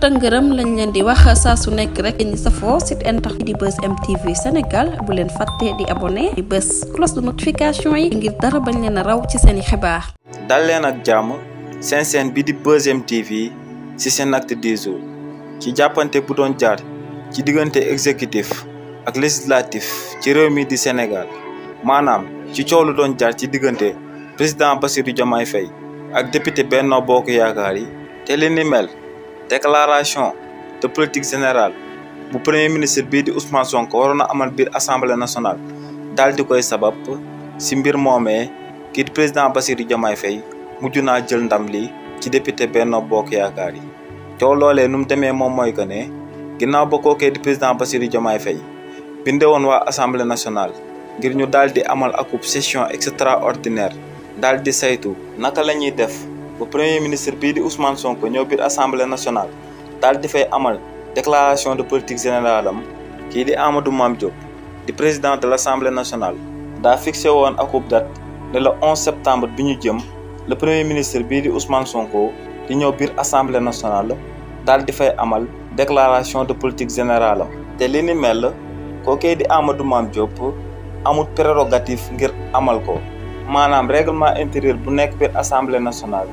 tëngërëm lañ leen di wax saa su nekk rek ñi safoo site internet di bës mtv sénégal bu leen fàtte di abonné di bës cloche de notification yi ngir dara bañ leen a raw ci seeni xibaar dal leen ak jàmm seen seen bi di bës mtv si seen acte des jours ci jàppante bu doon jaar ci diggante exécutif ak législatif ci réew mi di sénégal maanaam ci coow lu doon jaar ci diggante président bassirou diomaye fay ak député benno bokk yaakaar yi te li ni mel déclaration de politique générale bu premier ministre bii di Ousmane Sonko waroon a amal biir assemblée nationale daal di koy sabab si mbir moomee kii di président Bassirou Diomaye fay mujj naa jël ndam li ci député Benno Bokk Yaakaar yi coow loolee nu mu demee moom mooy que ne ginnaaw ba kookee di président Bassirou Diomaye Faye binde woon waa assemblée nationale ngir ñu daal di amal akub session extraordinaire daal di saytu naka lañuy ñuy def le premier ministre Bidi di Ousmane Sonko bir assemblée nationale dal di fay amal déclaration de politique générale am kii di Amadou Mame di président de l'Assemblée nationale da fixé woon akup date le 11 septembre bi jëm le premier ministre Bidi Ousmane Sonko di ñëw bir assemblée nationale dal di fay amal déclaration de politique générale té l'ennemi, li ni mel di Amadou Mame Diop amul prérogatif. ngir amal ko manam règlement intérieur bu nekk assemblée nationale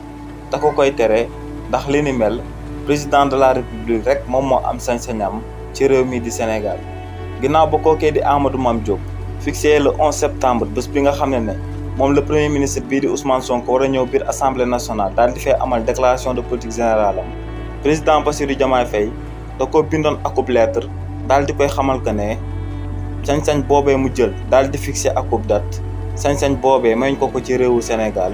da ko koy tere ndax li ni mel président de la république rek moom moo am sañ-sañam ci réew mi di Sénégal ginnaaw ba kookee di Amadou Mame Diop fixé le 11 septembre bés bi nga xam ne ne moom le premier ministre bii di Ousmane Sonko war a ñëw biir assemblée nationale daal di fay amal déclaration de politique générale am président Bassirou Diomaye fay da ko bindoon akub lettre daal di koy xamal que ne sañ-sañ boobee mu jël daal di fixé akub date sañ-sañ boobee mayuñ ko ko ci réewu Sénégal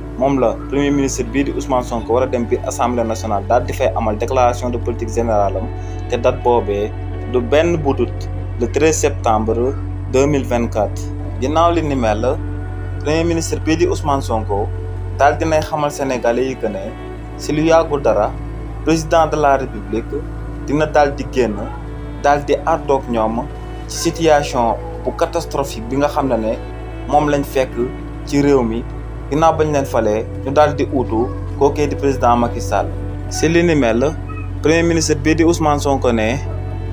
moom la premier ministre bii di Ousmane Sonko wala a dem biir assemblée nationale daal di fay amal déclaration de politique générale am te date boobee du benn budut le 13 septembre 2024. ginnaaw li ni mel premier ministre bii di Ousmane Sonko daal dinay xamal sénégalais yi que si lu yàggul dara président de la république dina daal di génn daal di àddoog ñoom ci situation bu catastrophique bi nga xam ne ne moom lañ fekk ci réew mi. ginnaaw ba ñu leen fale ñu daal di uutu kookee di président Macky Sall. si li ni mel premier ministre bii di Ousmane Sonko ne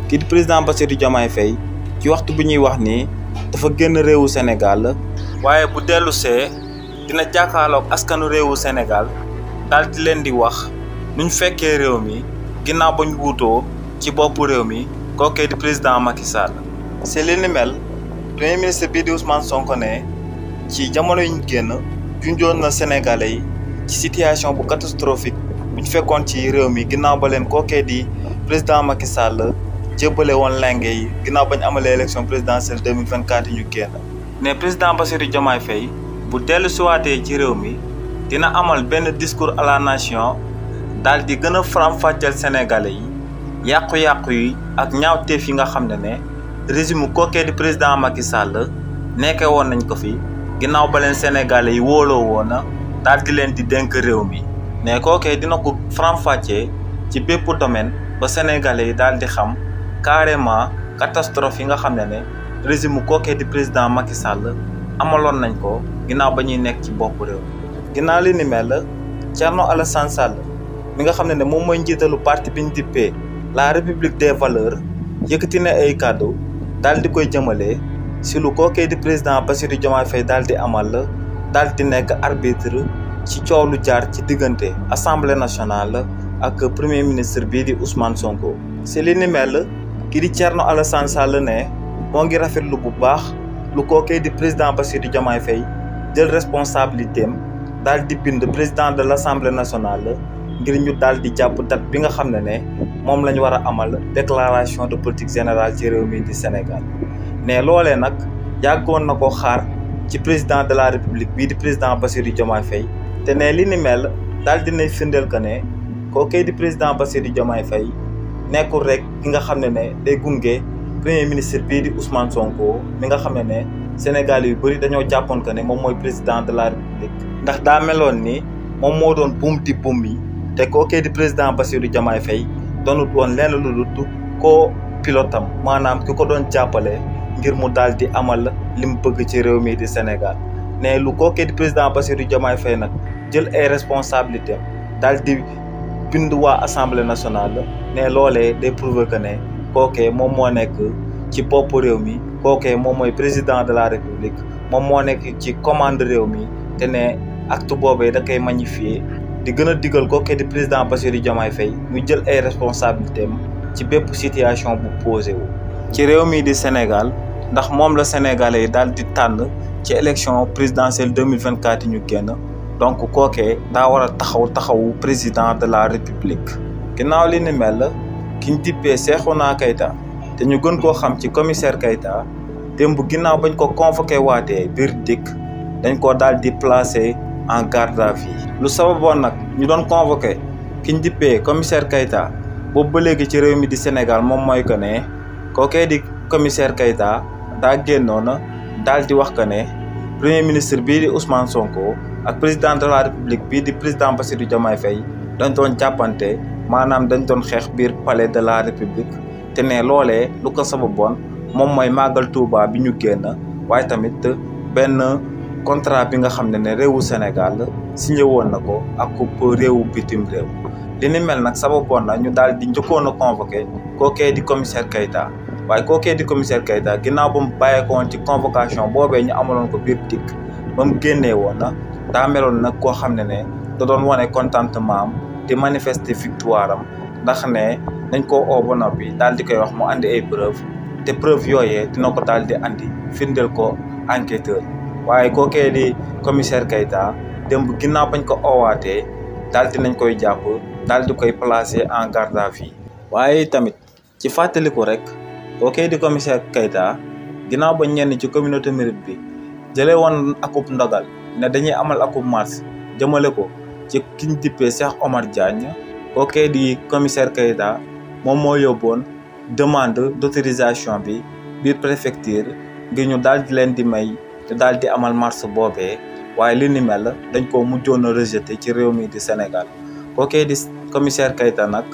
kii di président Bassirou Diomaye Faye ci waxtu bu ñuy wax ni dafa génn réewu Sénégal. waaye bu dellu dina jàkkaarloog askanu réewu Sénégal daal di leen di wax nuñ fekkee réew mi ginnaaw bañ wuutoo ci boppu réew mi kookee di président Macky Sall. si li ni mel premier ministre bii di Ousmane Sonko ne ci jamono yuñ génn. junjoon na sénégalais yi ci situation bu catastrophique bu ñu fekkoon ci réew mi ginnaaw ba leen kookee di président Macky Sall jébbale woon lenge yi ginnaaw bañ amalee élection présidentielle 2024 yi ñu génn. ne président ba Bassirou Diomaye Faye bu dellu siwaatee ci réew mi dina amal benn discours à la nation daal di gën a faram-fàcceel yi yàqu-yàqu yi ak ñaaw ñaawteef yi nga xam ne ne régime kookee di président Macky Sall nekkee woon nañ ko fi. ginnaaw ba leen sénégalais yi wóoloo woon na daal di leen di dénk réew mi mais kookee dina ko faram ci bépp domaine ba sénégalais yi daal di xam carrément catastrophe yi nga xam ne ne régime kookee di président Macky Sall amaloon nañ ko ginnaaw ba ñuy nekk ci bopp réew ginnaaw li ni mel Thierno Alassane Sall mi nga xam ne ne moom mooy njiitalu parti bi ñu dippee la république des valeurs yëkkati na ay kàddu daal di koy jëmalee si lu kookee di président Bassirou Diomaye Faye daal di amal la daal di nekk arbitre ci coow lu jaar ci diggante assemblée nationale ak premier ministre bii di Ousmane Sonko. si li ni mel kii di Thierno Alassane Sall ne moo ngi rafetlu bu baax lu kookee di président Bassirou Diomaye Faye jël responsabilité am daal di bind président de l' assemblée nationale ngir ñu daal di jàpp date bi nga xam ne ne moom la ñu war a amal déclaration de politique générale ci réew mi di Sénégal. ne loole nag yàggoon na ko xaar ci président de la république bii di président Bassirou Diomaye Faye te ne li ni mel daal dinay firndeel que ne kookee di président Bassirou Diomaye fay nekkul rek ki nga xam ne ne day gunge premier ministre bii di Ousmane Sonko mi nga xam ne ne Sénégal yu bëri dañoo jàppoon que ne moom mooy président de la république ndax daa meloon ni moom moo doon buum di buum yi te kookee di président Bassirou Diomaye fay doonut woon lenn lu dul ko pilotam maanaam ki ko doon jàppale ngir mu daldi amal lim bëgg ci réew mi di Sénégal ne lu kookee di président Bassirou Diomaye Faye nag jël ay responsabilité daldi di bind waa assemblée nationale ne loolee day prouver que ne kookee moom moo nekk ci bopp réew mi kookee moom mooy président de la république moom moo nekk ci commande réew mi te ne acte boobee da koy magnifier di gën a digal kookee di président Bassirou Diomaye Faye mu jël ay responsabilité ci bépp situation bu posé wu ci réew mi di Sénégal ndax mom la sénégalais yi daal di tann ci élection présidentielle 2024 ñu génn donc koké da wara taxaw taxaw président de la république ginaaw li ni mel kiñ ñu dippee Cheikhouna Keita te ñu gën ko xam ci commissaire Keita démb ginaaw bañ ko convoqué waté biir dikk dañ ko dal di placer en garde à vie lu sababoon nak ñu don convoqué kiñ ñu commissaire Keita boobu ba légui ci réew mi di Sénégal mom moy que ne kookee di commissaire Keita daa génnoon daal di wax que ne premier ministre bii di Ousmane Sonko ak président de la république bii di président Bassirou Diomaye Faye dañ doon jàppante maanaam dañu doon xeex biir pale de la république te ne loolee lu ko sababoon moom mooy màggal Touba bi ñu génn waaye tamit benn contrat bi nga xam ne ne réewu Sénégal signé woon na ko ak réewu bitim réew li ni mel nag sababoon na ñu daal di njëkkoon a convoqué kookee di commissaire Keita waaye kookee di commissaire Keita ginnaaw ba mu bàyyeekoo woon ci convocation boobee ñu amaloon ko biir dikk ba mu génnee woon na daa meloon nag koo xam ne ne da doon wane contentement di manifester victoire am ndax ne nañ koo oo ba noppi daal di koy wax mu andi ay preuve te preuve yooyee dina ko daal di andi firndeel ko enquêteur waaye kookee di commissaire Keita démb ginnaaw bañ ko oowaatee daal di nañ koy jàpp daal di koy placer en garde à vue waaye tamit ci fàttaliku rek kookee di commissaire Keita ginnaaw ba ñenn ci communauté mérite bi jëlee woon akub ndogal ne dañuy amal akub mars jëmale ko ci kiñ dippee Cheikh Omar Diagne kookee di commissaire Keita moom moo yóbboon demande d'autorisation bi biir préfecture ngir ñu daal di leen di may te daal di amal mars boobe waaye li ni mel dañ ko mujjoon a rejeté ci réew mii di Sénégal kookee di commissaire Keita nag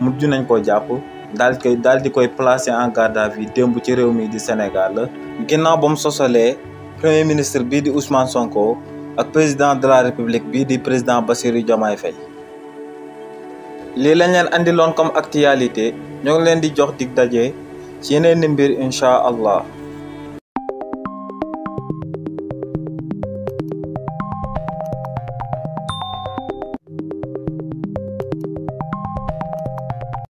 mujj nañ ko jàpp daal di koy daal di koy placé en garde à démb ci réew mi di Sénégal ginnaaw ba mu sosalee premier ministre bii di Ousmane Sonko ak président de la république bii di président Bassirou Diomaye Faye li lañ leen andiloon comme actualité ñoo ngi leen di jox di daje ci yeneen mbir incha allah.